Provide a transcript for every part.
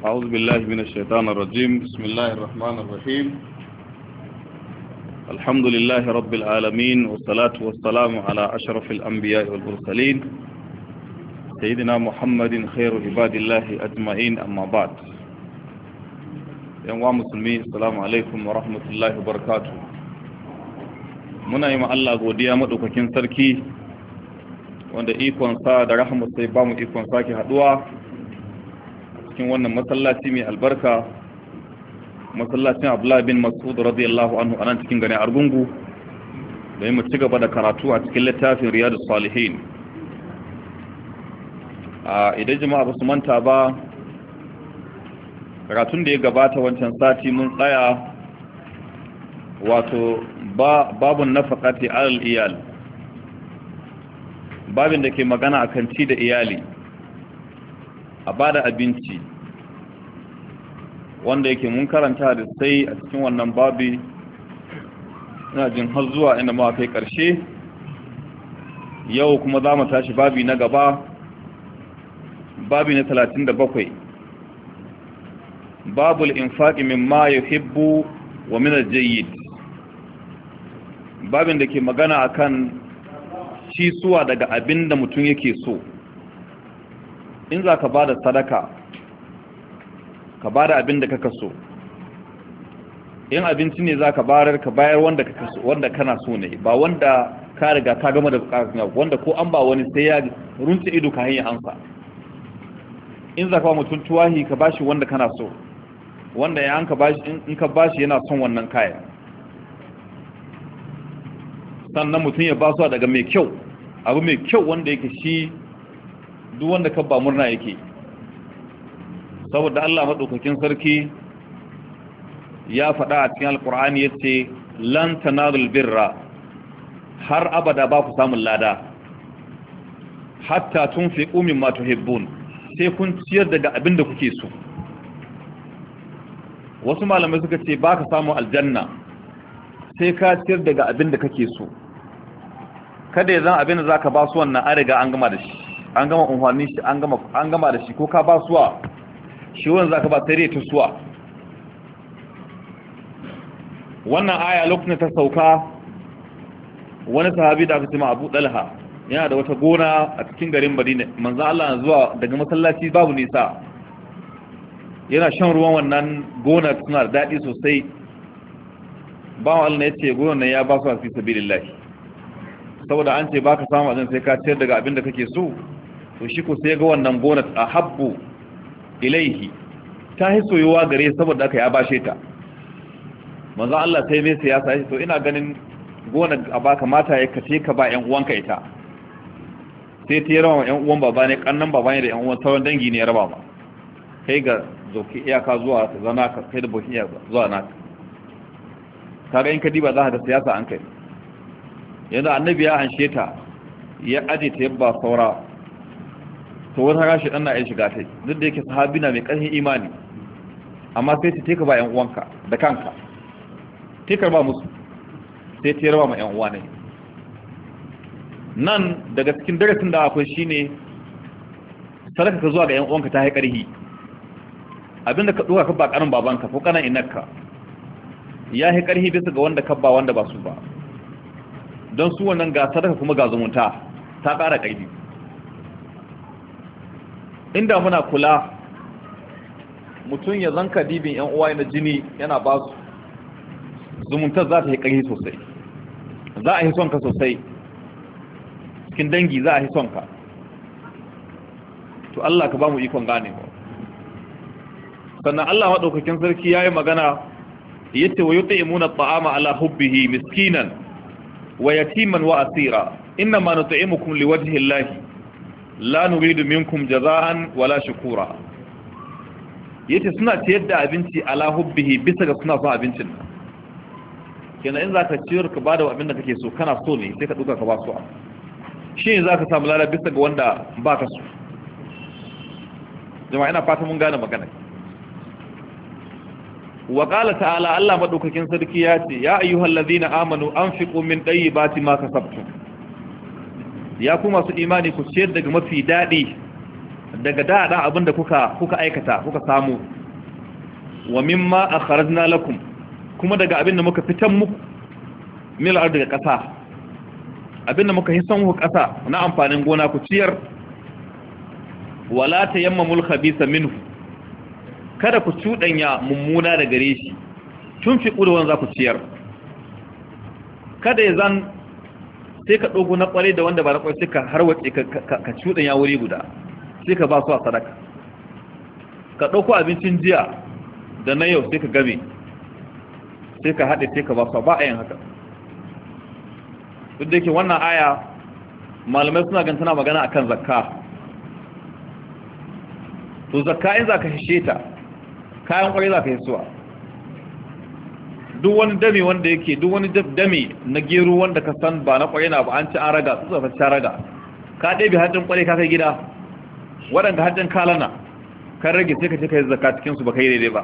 أعوذ بالله من الشيطان الرجيم بسم الله الرحمن الرحيم الحمد لله رب العالمين والصلاة والسلام على أشرف الأنبياء والمرسلين سيدنا محمد خير عباد الله أجمعين أما بعد يوم مسلمين السلام عليكم ورحمة الله وبركاته muna yi Allah godiya maɗaukakin sarki wanda ikon sa da rahamar sai ba mu ikon sake haɗuwa cikin wannan masallaci mai albarka masallacin abdullahi bin masud radiyallahu anhu anan cikin gane argungu da mu ci gaba da karatu a cikin littafin riyadu salihin a idan jama'a ba su manta ba karatun da ya gabata wancan sati mun tsaya wato babun nafaqati alal iyal babin da ke magana a ci da iyali a bada abinci wanda yake mun karanta da sai a cikin wannan babi ina jin har zuwa inda ma kai karshe yau kuma za mu tashi babi na gaba babi na 37 babul infaqi mimma yuhibbu wa min al-jayyid babin da ke magana akan suwa daga abinda mutum yake so in za ka ba da sadaka ka ba da abin da ka kaso in abinci ne za ka bayar ka bayar wanda ka kaso wanda kana so ne ba wanda ka riga ka gama da bukatun wanda ko an ba wani sai ya runce ido ka hanyar ansa in za ka ba mutum tuwahi ka bashi wanda kana so wanda ya ka bashi in ka bashi yana son wannan kaya sannan mutum ya basuwa daga mai kyau abu mai kyau wanda yake shi duk wanda ka ba murna yake saboda Allah madaukakin sarki ya faɗa a cikin alkur'ani yace lan tanalul birra har abada ba ku samun lada hatta tunfiqu mimma tuhibbun sai kun ciyar daga abin da kuke so wasu malamai suka ce ba ka samu aljanna sai ka ciyar daga abin da kake so kada ya zan abin da za ba su wannan an riga an gama da shi an gama umarni shi an gama da shi ko ka ba suwa shi wani za ka ba tare ta suwa wannan aya lokacin ta sauka wani sahabi da aka cima abu dalha yana da wata gona a cikin garin madina manzan allah na zuwa daga masallaci babu nisa yana shan ruwan wannan gonar suna da daɗi sosai bawan allah ya ce gonar ya ba su a fi sabi lillahi saboda an ce ba ka samu a zan sai ka ciyar daga abin da kake so to shi ko sai ga wannan bonus a habbu ilaihi ta yi soyuwa gare saboda aka ya bashe ta manzo Allah sai mai siyasa shi to ina ganin gona a baka mata ya kace ka ba ƴan uwanka ita sai ta yi rawa ƴan uwan baba ne kannan baba ne da ƴan uwan sauran dangi ne ya raba ma kai ga zoki iyaka zuwa zana ka kai da bokin iyaka zuwa naka ga in ka diba za ka ga siyasa an kai yanzu annabi ya anshe ta ya aje ta yabba saura to wata rashi dan na ya shiga tai duk da yake sahabi na mai ƙarfin imani amma sai ta teka ba yan uwanka da kanka teka ba musu sai ta raba ma yan uwa ne nan daga cikin darasin da akwai shine sadaka ka zuwa ga yan uwanka ta yi ƙarfi abinda ka ɗora ka ba ƙarin babanka ko ƙanan inarka ya yi bisa ga wanda ka ba wanda ba su ba don su wannan ga sadaka kuma ga zumunta ta ƙara ƙarfi inda muna kula mutum ya zanka dibin yan uwa na jini yana ba su zumuntar za ta yi ƙarfi sosai za a yi sonka sosai cikin dangi za a yi sonka to Allah ka ba mu ikon gane ba sannan Allah maɗaukakin sarki ya yi magana yace wa imuna ta'ama ala hubbihi miskinan wa yatiman wa asira inna ma nut'imukum liwajhi Allah la nuridu minkum jaza'an wala shukura yace suna ciyar da abinci ala hubbihi bisa ga suna son abincin kenan in zaka ciyar ka bada abin da kake so kana so ne sai ka duka ka ba su shi ne zaka samu lada bisa ga wanda baka so jama'a ina fata mun gane magana wa qala ta'ala Allah madaukakin sarki ya ce ya ayyuhallazina amanu anfiqu min tayyibati ma kasabtum ya ku masu imani ku ciyar daga mafi daɗi daga daɗa abin da kuka kuka aikata kuka samu wa mimma akharajna lakum kuma daga abin da muka fitan muku mil ar daga ƙasa abin da muka hisan muku ƙasa na amfanin gona ku ciyar wala tayammamul khabisa minhu kada ku cuɗanya mummuna da gare shi tun fi ƙuduwan za ku ciyar kada ya zan sai ka ɗogo na ƙwarai da wanda ba na ƙwarai sai ka wace ka cuɗin ya wuri guda sai ka ba su a sadaka ka ɗauko abincin jiya da na yau sai ka game sai ka haɗe sai ka ba su ba a yin haka duk da yake wannan aya malamai suna gan tana magana akan zakka to zakka in za ka hishe ta kayan ƙwarai za ka hisuwa duk wani dame wanda yake duk wani dame na gero wanda ka san ba na kwarai na ba an ci an raga su zafa ci raga ka ɗebe hajjin kwarai ka kai gida waɗanda hajjin kalana kan rage sai ka ce ka yi zaka cikin su ba kai daidai ba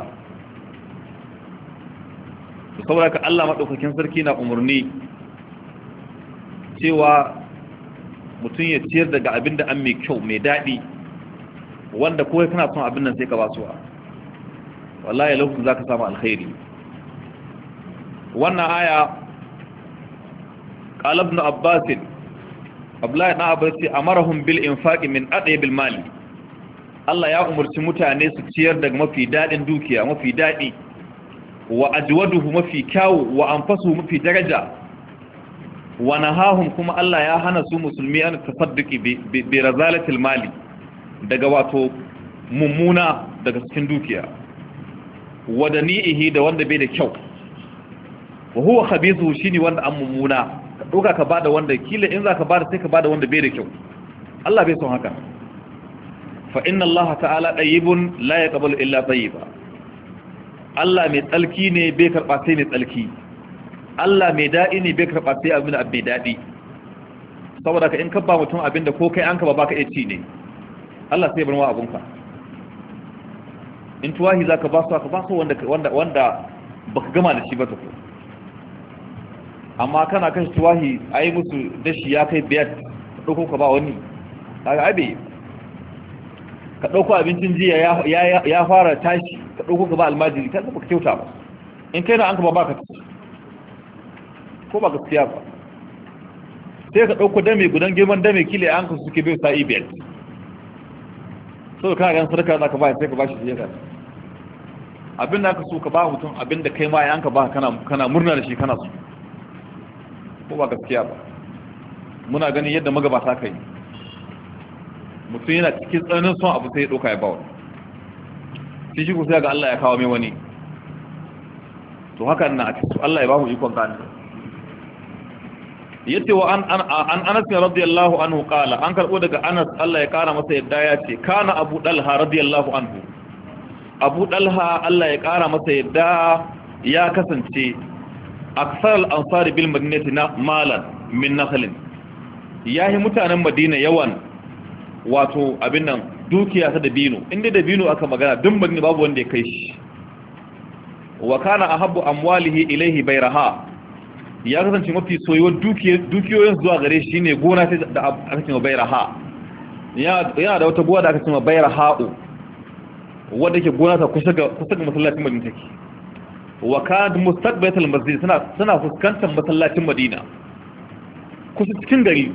to saboda ka Allah maɗaukakin sarki na umarni cewa mutum ya ciyar daga abin da an mai kyau mai daɗi wanda kowai kana son abin nan sai ka basuwa wallahi lokacin za ka samu alkhairi wannan aya qalab ibn abbas abdullahi ibn abbas ce amarahum bil infaqi min adayb al mali Allah ya umarci mutane su ciyar daga mafi daɗin dukiya mafi daɗi, wa ajwaduhu mafi kyawu wa mafi daraja wa nahahum kuma Allah ya hana su musulmi an tasadduqi bi razalatil mali daga wato mummuna daga cikin dukiya wadani'ihi da wanda bai da kyau wa huwa khabithu shine wanda an mumuna. ka doka ka bada wanda kila in zaka bada sai ka bada wanda bai da kyau Allah bai son haka fa inna Allah ta'ala tayyibun la yaqbalu illa tayyiba Allah mai tsalki ne bai karba sai mai tsalki Allah mai daɗi ne bai karba sai abin da bai daɗi saboda ka in ka ba mutum abin da ko kai an ka ba baka iya ne Allah sai abun ka. in tuwahi zaka ba su ka ba su wanda wanda wanda baka gama da shi ba ta ku. amma kana kashe tuwahi a yi musu dashi ya kai biyar ɗauko ka ba wani daga abe ka ɗauko abincin jiya ya fara tashi ka ɗauko ka ba almajiri ka zaba ka kyauta ba in kai na an ka ba ka ko ba gaskiya ba sai ka ɗauko dame gudan girman dame kila an ka suke bai sa'i biyar sau da kana gan sadaka za ka ba sai ka ba shi jiya abin da aka so ka ba mutum abin da kai ma ya an ka ba kana murna da shi kana so ko ba gaskiya ba muna ganin yadda magabata ka yi mutum yana cikin tsananin son abu sai ya ɗauka ya bawa shi shi kusa ga Allah ya kawo mai wani to haka na a cikin Allah ya ba mu ikon gani yadda wa an anas Anas radiyallahu anhu kala an karɓo daga Anas Allah ya kara masa yadda ya ce kana Abu Dalha radiyallahu anhu Abu Dalha Allah ya kara masa yadda ya kasance aksar al'amfari bil madinati na malan min nahalin ya yi mutanen madina yawan wato abin nan dukiya ta dabino inda dabino aka magana dun madina babu wanda ya kai shi wa kana ahabbu amwalihi ilaihi bayraha ya kasance mafi soyuwar dukiyoyin zuwa gare shi ne gona ta da aka cewa bayraha yana da wata buwa da aka cewa bayraha'u wadda ke gona ta kusa ga masallacin madina take wa kad mustaqbatal masjid suna suna fuskantar masallacin Madina kusa cikin gari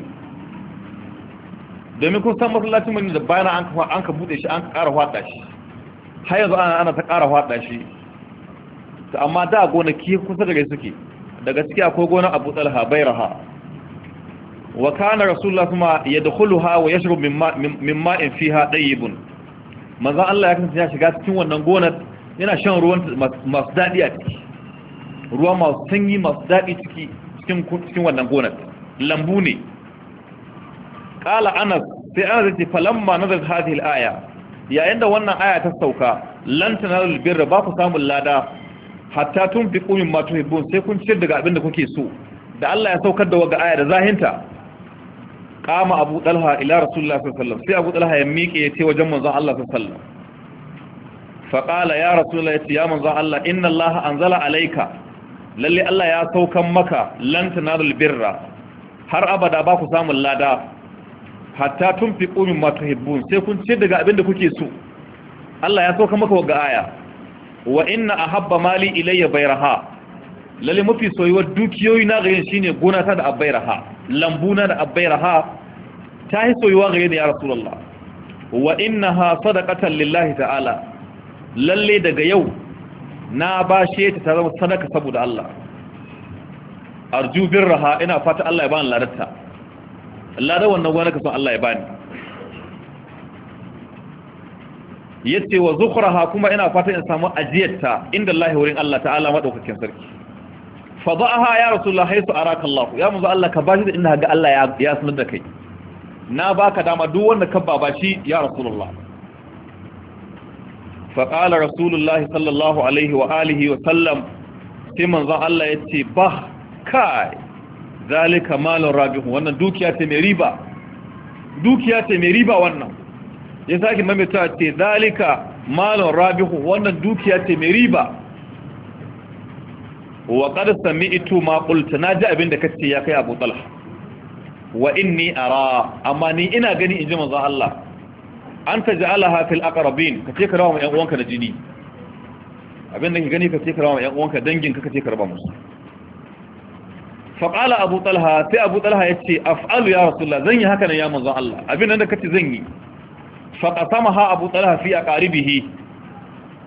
domin kun san masallacin Madina da bayan an ka an ka bude shi an ka ƙara hwada shi har yanzu ana ana ta ƙara hwada shi to amma da gonaki kusa da gari suke daga ciki akwai gona Abu Talha Bayraha wa kana rasulullah kuma yadkhuluha wa yashrub min ma'in fiha dayyibun manzo Allah ya kasance ya shiga cikin wannan gonar yana shan ruwan masu daɗi a ciki ruwa masu sanyi masu daɗi ciki cikin wannan gonar lambu ne ƙala anas sai anas zai ce falamma nazar hadhihi al-aya yayin da wannan aya ta sauka lan tanalul birra ba ku samun lada hatta tun fi ƙumin matu tuhibbun sai kun ciyar daga abin da kuke so da Allah ya saukar da waga aya da zahinta kama abu dalha ila rasulullah sallallahu alaihi wasallam sai abu dalha ya miƙe ya ce wajen manzon Allah sallallahu alaihi wasallam faƙala ya rasula ya ce ya manzan Allah inna Allah anzala alaika lalle Allah ya saukan maka lantana da birra har abada ba ku samun lada hatta tun fi ƙumin mata hibbun sai kun ce daga abin da kuke so Allah ya saukan maka ga aya wa inna a habba mali ilayya bayraha lalle mafi soyuwar dukiyoyi na gayin shine gona ta da abbayraha lambuna da abbayraha ta yi soyuwa gayin ya rasulullah wa innaha sadaqatan lillahi ta'ala lalle daga yau na bashe ta ta zama sadaka saboda Allah arju birraha ina fata Allah ya bani ladarta ladar wannan gwanaka kasan Allah ya bani yace wa zukhraha kuma ina fata in samu ajiyarta inda Allah wurin Allah ta'ala madaukakin sarki fadaha ya rasulullah haythu araka Allah ya manzo Allah ka bashi da inda ga Allah ya sanar da kai na baka dama duk wanda ka babashi ya rasulullah faƙala rasulullahi sallallahu alaihi wa alihi wa sallam sai manzan Allah ya ce ba kai zalika malin rabihu wannan dukiya ce mai riba dukiya ce mai riba wannan ya sake mamita ce zalika malin rabihu wannan dukiya ce mai riba wa qad sami'tu ma qulta naji abinda kace ya kai Abu Talha wa inni ara amma ni ina gani ji manzan Allah an ta ja'alaha fil aqrabin ka ce ka rawa ma yan uwanka da jini abin da ke gani ka ce ka rawa ma yan uwanka dangin ka ka ce ka musu fa abu talha sai abu talha ce af'alu ya rasulullah zan yi haka nan ya manzon Allah abin nan da kace zan yi faƙa sama ha abu talha fi a aqaribihi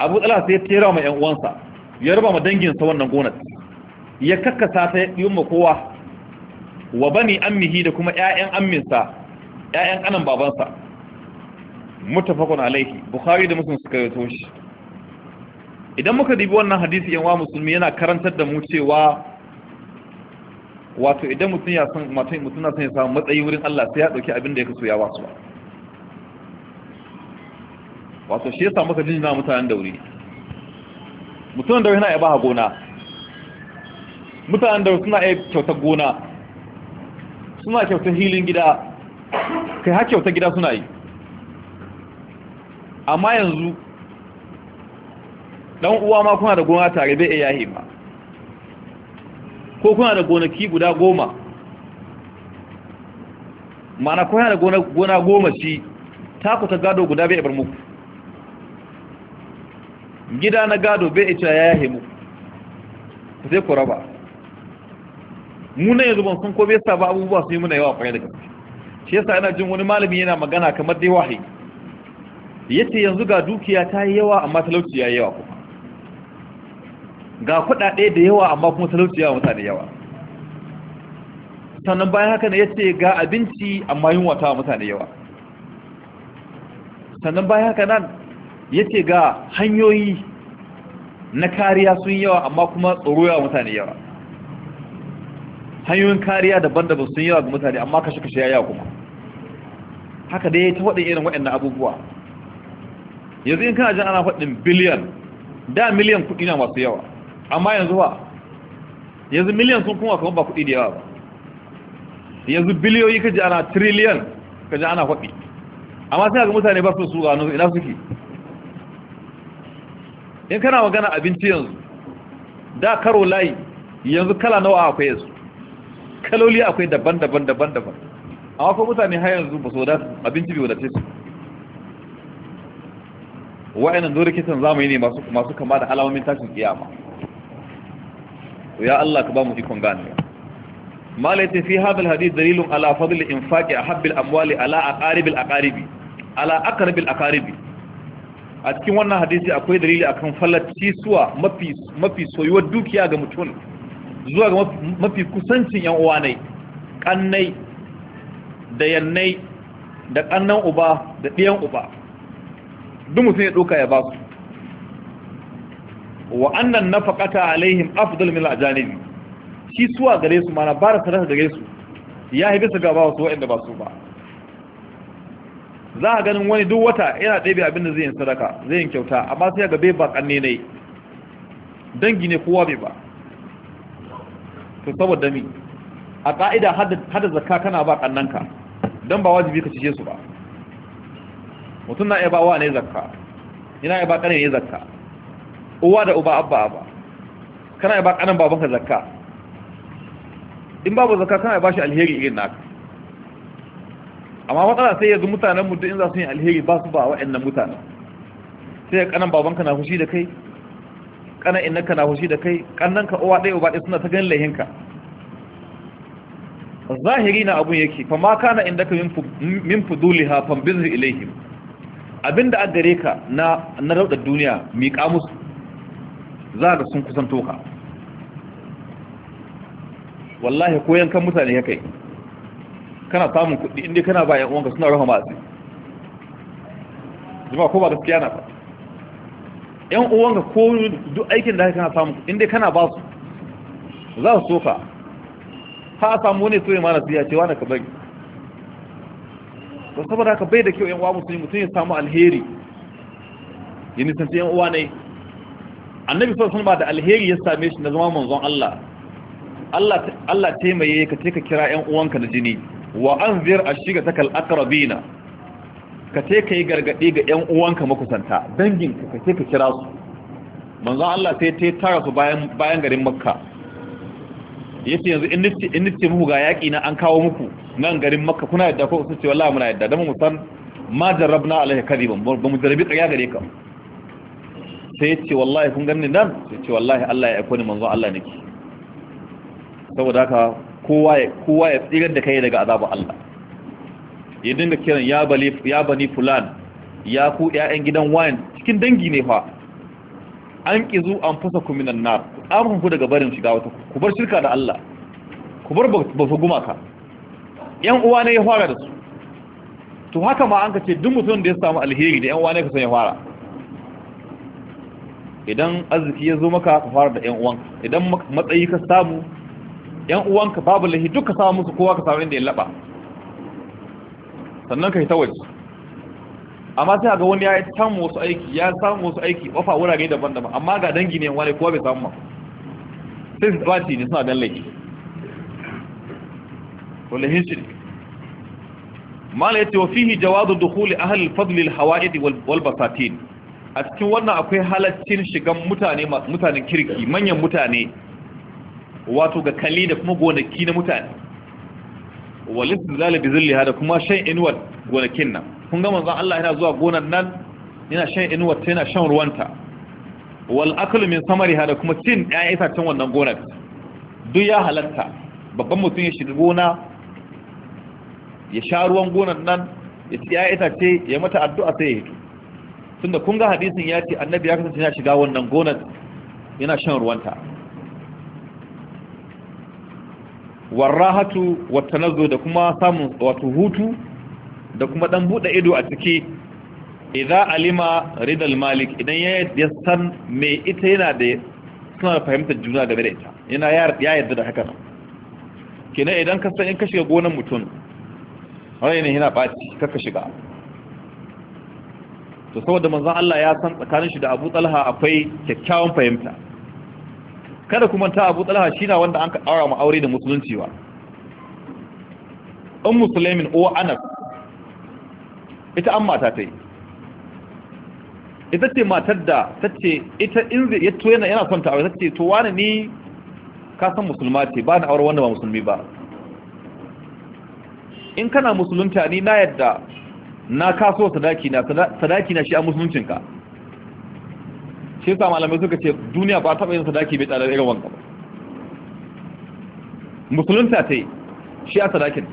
abu talha sai ya tera ma yan'uwansa ya raba ma dangin sa wannan gonar ya kakkasa ta yi ma kowa wa bani ammihi da kuma ƴaƴan amminsa ƴaƴan ƙanan babansa mutafakun alaihi bukhari da muslim suka yato shi idan muka dibi wannan hadisi yan wa musulmi yana karantar da mu cewa wato idan mutum ya san mutum mutum na san ya samu matsayi wurin Allah sai ya dauki abin da yake so ya wasu wato shi yasa muka jinjina mutanen dauri mutum da yana yaba gona mutanen da suna iya kyautar gona suna kyautar hilin gida kai har kyautar gida suna yi amma yanzu dan uwa ma kuna da gona tare bai iya hima ko kuna da gonaki guda goma mana kuna da gona goma shi taku ta gado guda bai bar muku gida na gado bai ita ya yahe mu ku sai ku raba mu ne yanzu ban san ko bai sa ba abubuwa su yi muna yawa kwaye da gaske shi yasa ina jin wani malami yana magana kamar dai wahayi yace yanzu ga dukiya ta yi yawa amma talauci ya yi yawa kuma ga kuɗaɗe da yawa amma kuma talauci yawa mutane yawa sannan bayan haka ne yace ga abinci amma yunwa ta mutane yawa sannan bayan haka nan yace ga hanyoyi na kariya sun yawa amma kuma tsoro yawa mutane yawa hanyoyin kariya daban-daban sun yawa ga mutane amma kashe-kashe ya yawa kuma haka dai ta waɗin irin waɗannan abubuwa yanzu in kana jin ana faɗin biliyan da miliyan kuɗi na masu yawa amma yanzu ba yanzu miliyan sun kuma kuma ba kuɗi da yawa ba yanzu biliyoyi kaji ana triliyan kaji ana faɗi amma sai ga mutane ba su su gano ina suke in kana magana abinci yanzu da karo layi yanzu kala nawa akwai yanzu kaloli akwai daban-daban daban-daban amma kuma mutane har yanzu ba su wadatu abinci bai wadace su wa'annan zurikitan zamani ne masu kama da alamomin tashin kiyama ya Allah ka ba mu ikon gane ma laita fi hadal hadith dalilun ala fadl infaqi ahabbil amwali ala a aqaribi ala a aqaribi a cikin wannan hadisi akwai dalili akan fallaci suwa mafi mafi soyuwar dukiya ga mutum zuwa ga mafi kusancin yan uwa ne kannai da yannai da kannan uba da ɗiyan uba duk mutum ya ɗauka ya ba su wa annan faƙata alaihim afdal mil a ajanibi shi suwa gare su mana bara sadaka gare su ya haifi su gaba wasu waɗanda ba su ba za a ganin wani duk wata yana ɗabi abin da zai yin sadaka zai yin kyauta amma sai ga bai ba ƙanne ne dangi ne kowa bai ba to saboda mi a ƙa'ida hada zakka kana ba ƙannanka don ba wajibi ka cike su ba mutum na iya wa ne zakka ina iya ba ne zakka uwa da uba abba abba kana iya ba babanka zakka in babu zakka kana iya ba shi alheri irin naka amma matsala sai yanzu mutanen mutum in za su yi alheri ba su ba wa'annan mutanen sai ya kanan babanka na fushi da kai kanan innanka na fushi da kai kannan ka uwa ɗaya uba ɗaya suna ta ganin lahinka zahiri na abun yake fa ma kana indaka min fuduliha bizu ilaihim abinda a gare ka na na raudar duniya miƙa musu za ka sun kusan toka. wallahi koyan kan mutane ya kai kana samun kuɗi inda kana ba yan uwanka suna raha masu Zuma ko ba gaskiya na ba yan uwanka ko duk aikin da kana samun inda kana ba su za su soka ha a samu wani so ya mana siya cewa na ka bari to saboda haka bai da kyau yan uwa musulmi mutum ya samu alheri ya nisanci yan uwa ne annabi sun ba da alheri ya same shi na zama manzon Allah Allah taimaye ka ce ka kira yan uwanka na jini wa an shiga ashigataka alaqrabina ka ce ka yi gargaɗi ga 'yan uwanka makusanta danginka ka ce ka kira su manzon Allah sai ta tara su bayan garin makka ce yanzu in nace muku ga yaki na an kawo muku nan garin makka kuna yadda ko sun ce wallahi muna yadda dan mu san ma jarrabna alaihi kadiban ba mu jarrabi ƙarya gare ka sai yace wallahi kun ganni nan sai yace wallahi Allah ya aiko ni manzo Allah nake saboda haka kowa ya kowa ya tsirar da kai daga azabu Allah ya dinga kiran ya bali ya bani fulan ya ku ya'yan gidan wine cikin dangi ne fa an kizu an fasa kuminan nar tsarkun ku daga barin shiga wata ku bar shirka da Allah ku bar ba su gumaka yan uwa ne ya fara da su to haka ma an ka ce duk mutum da ya samu alheri da yan uwa ne ka san ya fara idan arziki ya zo maka ka fara da yan uwanka idan matsayi ka samu yan uwanka babu lahi duk ka samu musu kowa ka samu inda ya laba sannan ka yi ta waje amma sai ga wani ya samu wasu aiki ya samu wasu aiki wafa wurare daban-daban amma ga dangi ne wani kowa bai samu ba sai su tsaci ne suna dan laifi wallahin shi mala yace wa fihi jawazu dukhul ahli fadli fadl al-hawa'id wal basatin a cikin wannan akwai halaccin shigan mutane mutanen kirki manyan mutane wato ga kali da kuma gonaki na mutane walisu bi zilliha da kuma shan inuwar gonakin nan kun ga manzon Allah yana zuwa gonan nan yana shan inuwar ta yana shan ruwanta wal aklu min samari da kuma cin ɗaya itacen wannan gonar duk ya halatta babban mutum ya shiga gona ya sha ruwan gonar nan ya ci ya itace ya mata addu'a sai ya hito tunda kun ga hadisin ya ce annabi ya kasance yana shiga wannan gonar yana shan ruwanta warrahatu wa nazo da kuma samun wato hutu da kuma dan bude ido a ciki idza alima ridal malik idan ya ya san me ita yana da suna fahimtar juna game da ita yana ya yarda da haka nan kenan idan ka san in ka shiga gonan mutum Wani ne yana baci ka ka shiga to saboda manzon Allah ya san tsakanin shi da Abu Talha akwai kyakkyawan fahimta kada kuma ta Abu Talha shi na wanda an ka aura mu aure da musulunci ba musulmin uwa anas ita an mata ta yi ita ce matar da ta ce ita in ya to yana yana son ta aure ta ce to wani ni ka san musulma ce ba na aure wanda ba musulmi ba in kana musulunta ni na yadda na kaso sadaki na sadaki na shi a musuluncinka shi yasa malamai suka ce duniya ba taɓa yin sadaki bai tsada irin wanka ba musulunta ta yi shi a sadakin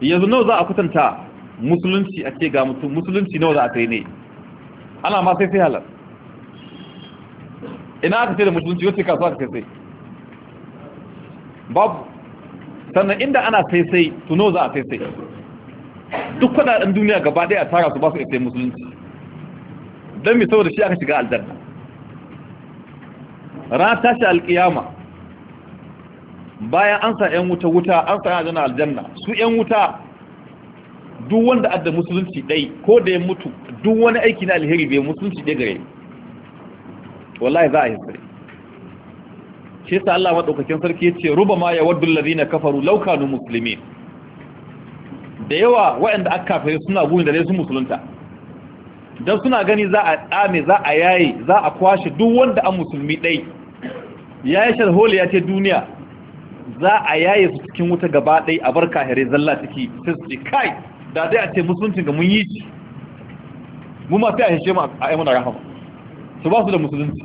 yanzu nawa za a kutanta musulunci a ce ga mutum musulunci nawa za a kai ne ana ma sai sai halar ina aka ce da musulunci wacce kasu aka sai babu sannan inda ana sai sai to nawa za a sai sai duk kudaden duniya gaba daya a tara su ba su isa musulunci don mai saboda shi aka shiga aljanna ran tashi alkiyama bayan an sa 'yan wuta wuta an sa yana aljanna su 'yan wuta duk wanda adda musulunci dai ko da ya mutu duk wani aiki na alheri bai musulunci dai gare wallahi za a yi sai shi sa Allah madaukakin sarki yace ma ya waddu Ladina kafaru law kanu muslimin da yawa waɗanda aka kafare suna gumi da su musulunta dan suna gani za a tsame za a yayi za a kwashe duk wanda an musulmi dai yayi sharholi ya ce duniya za a yaye su cikin wuta gaba ɗai a bar kahirai zalla ciki sai su ce kai da dai a ce musulunci ga mun yi shi mu ma sai a hishe mu a yi muna rahama su ba su da musulunci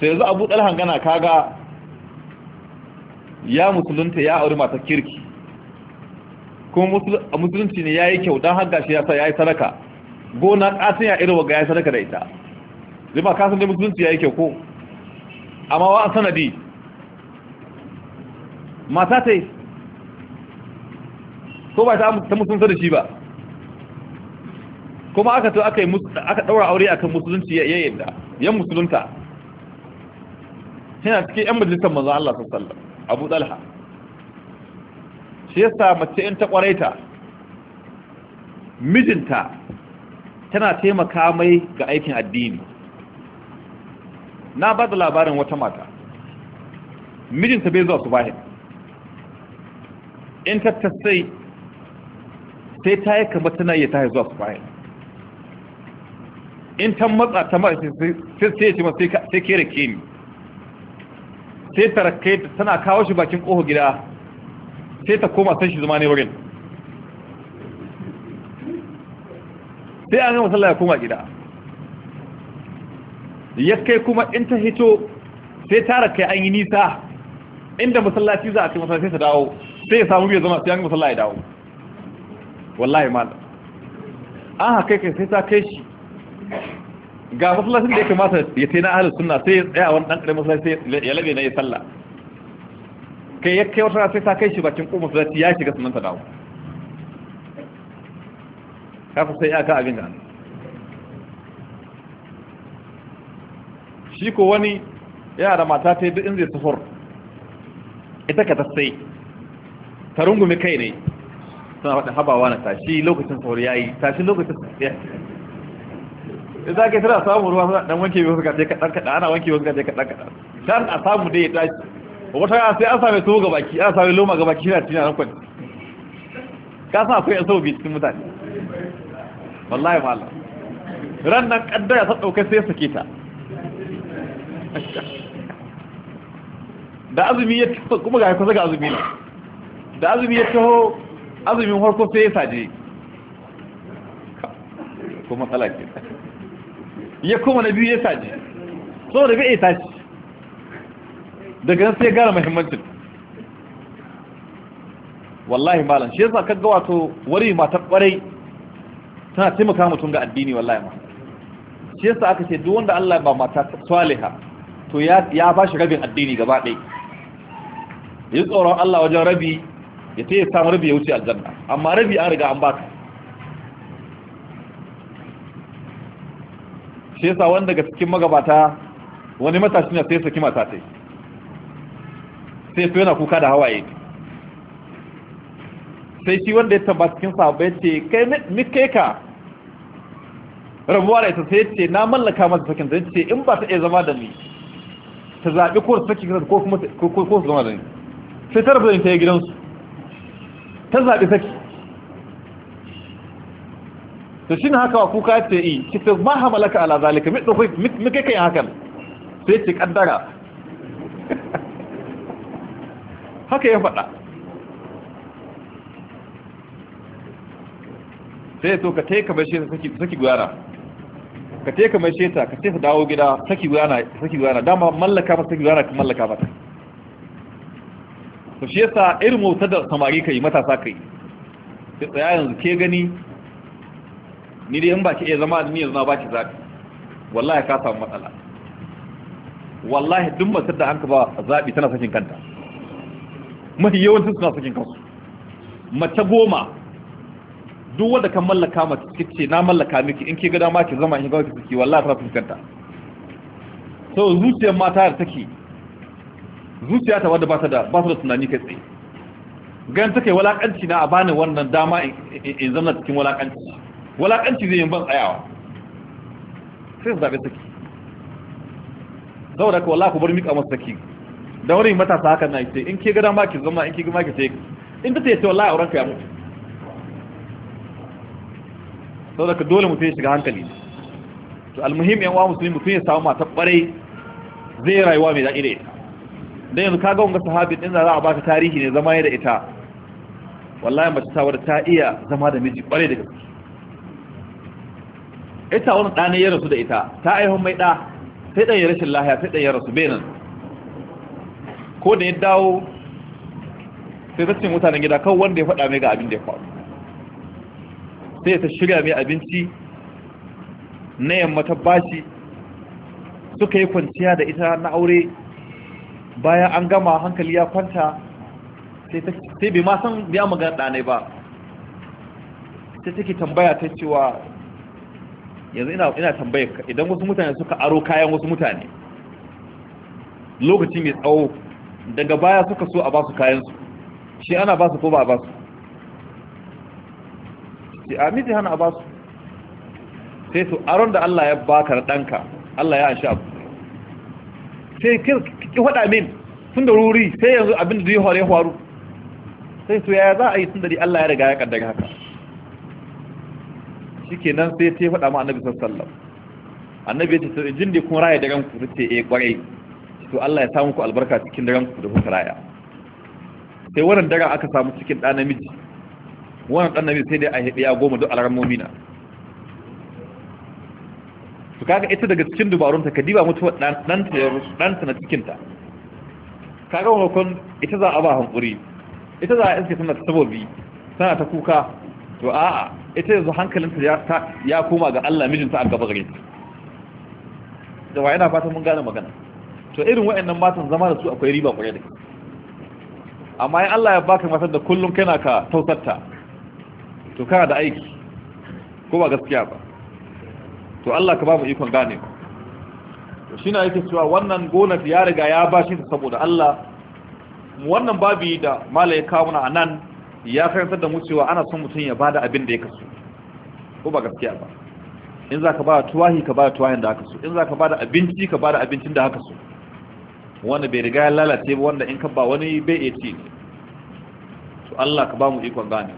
ta yanzu abu ɗalhan gana kaga ya musulunta ya auri masu kirki kuma a musulunci ne ya yi kyau don haka shi ya sa ya yi sadaka gona ƙasin ya irin waga ya yi sadaka da ita zama kasan dai musulunci ya yi kyau ko amma wa sanadi mata ta yi ko ba ta mutunta da shi ba kuma aka to aka yi aka daura aure akan musulunci ya da. yan musulunta yana cikin yan majalisar manzon Allah sallallahu alaihi wasallam Abu Talha shi yasa mace in ta kwaraita mijinta tana taimaka mai ga aikin addini na ba da labarin wata mata mijinta bai zuwa su bahin in ta tasai sai ta yi kama tana iya ta yi zuwa spine in ta matsa ta matsa sai sai ce ma sai kere ke ni sai ta rakai tana kawo shi bakin ƙoho gida sai ta koma san shi zama ne wurin sai an yi sallah ya koma gida ya kai kuma in ta hito sai ta rakai an yi nisa inda masallaci za a ce masallaci ta dawo sai ya samu biyar zama sai an yi sallah ya dawo wallahi mala an haka kai sai ta kai shi ga masallacin da ya kamata ya tai na ahalar suna sai ya tsaya wani ɗan ƙarfi masallaci ya labe na ya sallah kai ya kai wata sai ta kai shi bakin ƙofar masallaci ya shiga sunan ta dawo kafin sai ya ka abin da shi ko wani ya da mata ta yi duk in zai sufur ita ka ta sai ta rungume kai ne suna faɗin habawa na tashi lokacin sauri ya yi tashi lokacin sauri ya yi za ka yi tana samun ruwa suna ɗan wanke wasu gaje kaɗan kaɗan ana wanke wasu gaje kaɗan kaɗan shan a samu dai ya tashi wata ya sai an same tuwo ga baki ana same loma ga baki yana cikin nan kwanci ka sa akwai yanzu sau biyu cikin mutane wallahi ma'ala ran nan ya ta ɗaukar sai ya sake ta da azumi ya taho kuma ga kusa ga azumi na da azumi ya taho azumin harkar sai ya saje ko matsala ke ya kuma na biyu ya saje so da ya tashi daga nan sai ya gara muhimmancin wallahi malam shi yasa kaggawa wato wari mata kwarai tana taimaka mutum ga addini wallahi ma shi yasa aka ce duk wanda Allah ba mata saliha to ya ya bashi rabin addini gaba ɗaya yi tsoron Allah wajen rabi ya ta ya samu rabi ya wuce aljanna amma rabi an riga an ka shi yasa wani daga cikin magabata wani matashi ne sai ya saki mata sai sai fi yana kuka da hawaye sai shi wanda ya tabbata cikin ya ce kai mikai ka rabuwa da ita sai ce na mallaka masu sakin da ce in ba ta iya zama da ni ta zaɓi ko su saki ko kuma ko su zama da ni sai ta rabu da ni ta yi gidansu ta zaɓi saki ta shi haka wa kuka ce yi ki ta ma hamalaka ala zalika mi kai kai hakan sai ce kaddara haka ya faɗa sai to ka taika mai sheta saki gudana ka taika mai sheta ka taika dawo gida saki gudana dama mallaka mata saki gudana ka mallaka mata to shi yasa irin wauta da samari kai matasa kai sai tsaya yanzu ke gani ni dai in ba ki iya zama ni yanzu na ba ki zaɓi wallahi ka samu matsala wallahi duk matar da an ba zaɓi tana sakin kanta mafi yawancin suna sakin kansu mace goma duk wanda kan mallaka mace kice na mallaka miki in ke ga dama ki zama in ga ki saki wallahi tana fuskanta kanta so zuciyar mata da take zuciya ta wadda ba ta da ba da tunani kai tsaye gan take walakanci na a bani wannan dama in zama cikin walakanci walakanci zai yin ban tsayawa sai su zaɓe saki saboda ka wala ku bar mika masa saki da wurin matasa haka na ce in ke gada maki ki zama in ke gama ki sai in ta ce wallahi ka ya mutu saboda ka dole mutum ya shiga hankali to almuhim yan uwa musulmi mutum ya samu mata kwarai zai rayuwa mai daɗi da ita dan yanzu kaga wanga sahabin din za a baka tarihi ne zama ya da ita wallahi mace ta wadda ta iya zama da miji kware da gaske ita wani dane ya rasu da ita ta aihu mai ɗa sai ɗan ya rashin lafiya sai ɗan ya rasu nan. ko da ya dawo sai ta cin mutanen gida kawai wanda ya faɗa mai ga abin da ya faru sai ta shirya mai abinci na yamma ta bashi suka yi kwanciya da ita na aure bayan an gama hankali ya kwanta sai bai ma san magana ɗanai ba sai take tambaya ta cewa yanzu ina tambaya idan wasu mutane suka aro kayan wasu mutane lokaci mai tsawo daga baya suka so a ba su kayansu shi ana ba su ko ba a ba su sai a hana a ba su sai su aron da Allah ya baka da ɗanka Allah ya an sha abu sai ki faɗa min tun da ruri sai yanzu abin da zai hore faru sai su ya za a yi tun da Allah ya riga ya kaddaga haka shikenan sai ta faɗa ma annabi sallallahu annabi ya ce sai jin da kun raya da ranku ta ce eh kwarai to Allah ya samu ku albarka cikin da ranku da kuka raya sai wannan daren aka samu cikin ɗan namiji wannan ɗan namiji sai dai a hebe goma duk mu'mina kaga ita daga cikin dubarunta ka diba dan ta na cikinta kaga wakon ita za a ba hankuri ita za a iske tana ta sabobi tana ta kuka to a'a ita yanzu hankalinta ya koma ga Allah mijinta a gaba gare da wa yana fatan mun gane magana to irin waɗannan matan zama da su akwai riba kwarai da amma in Allah ya baka matar da kullum kana ka tausarta to kana da aiki ko ba gaskiya ba to Allah ka ba mu ikon gane to shi na yake cewa wannan gona ya riga ya ba shi saboda Allah wannan babi da mala ya kawo a nan ya karantar da mu cewa ana son mutum ya bada abin da ya kasu. ko ba gaskiya ba in za ka ba tuwahi ka ba tuwahin da aka so in za ka ba da abinci ka ba da abincin da aka so wanda bai riga ya lalace ba wanda in ka ba wani bai iya ci to Allah ka ba mu ikon gane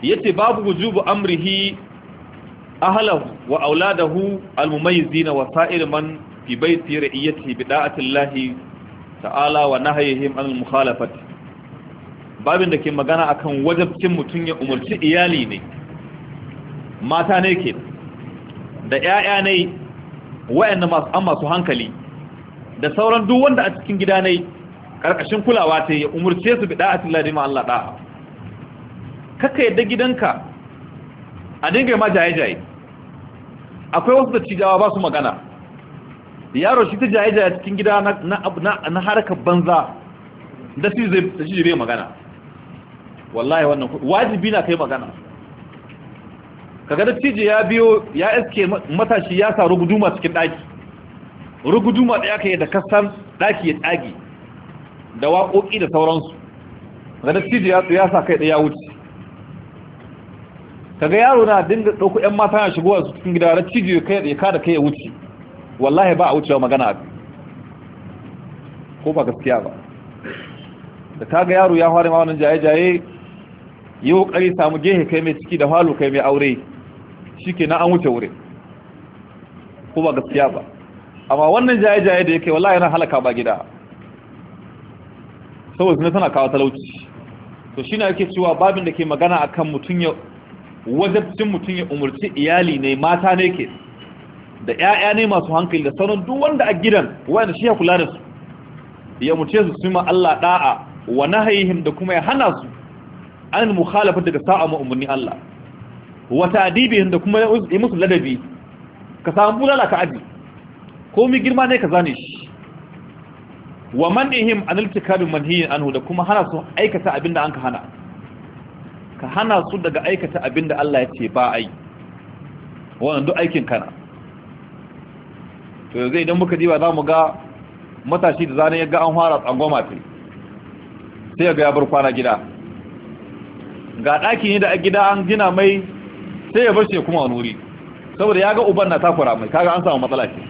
yace babu wujubu amrihi ahlahu wa auladahu almumayyizina wa sa'ir man fi baiti ra'iyatihi bi da'atillahi ta'ala wa nahyihim anil mukhalafati babin da ke magana akan wajabcin mutum ya umarci iyali ne mata ne ke da 'ya'ya ne wayanda masu an masu hankali da sauran duk wanda a cikin gida ne ƙarƙashin kulawa ta ya umarce su bi da'atin ladin ma Allah da'a kaka yadda gidanka a dinga ma jaye-jaye akwai wasu dattijawa ba su magana yaro shi ta jaye jaye cikin gida na harkar banza da shi zai bai magana wallahi wannan wajibi na kai magana kaga da cije ya biyo ya iske matashi ya sa ruguduma cikin daki ruguduma da aka yi da kasan daki ya tsage da waƙoƙi da sauransu kaga da cije ya sa kai da ya wuce kaga yaro na dinga ɗauko ƴan mata na shigowa su cikin gida da cijiyo kai ya kada kai ya wuce wallahi ba a wuce magana a ko ba gaskiya ba da kaga yaro ya fara ma wannan jaye-jaye yi kokari samu gehe kai mai ciki da falo kai mai aure shike na an wuce wuri. ko ba gaskiya ba amma wannan jaye-jaye da yake wallahi yana halaka ba gida saboda suna tana kawo talauci to shi na yake cewa babin da ke magana akan mutum ya wajabcin mutum ya umarci iyali ne mata ne ke da 'ya'ya ne masu hankali da sauran duk wanda a gidan wanda shi ya kula da su ya umarce su su ma Allah da'a wa nahayihim da kuma ya hana su an mukhalafa daga sa'a ma umarni Allah wa ta'dibihim da kuma ya musu ladabi ka samu bulala ka aji ko mi girma ne ka zane shi wa man'ihim an iltikabin manhiyin anhu da kuma hana su aikata abinda an ka hana ka hana su daga aikata abin da Allah ya ce ba a yi wannan duk aikin kana to yanzu idan muka diba za mu ga matashi da zanen ya ga an fara tsangoma ta sai ya ga ya bar kwana gida ga ɗaki ne da a gida an gina mai sai ya bar shi kuma wani wuri saboda ya ga uban na takura mai kaga an samu matsala ce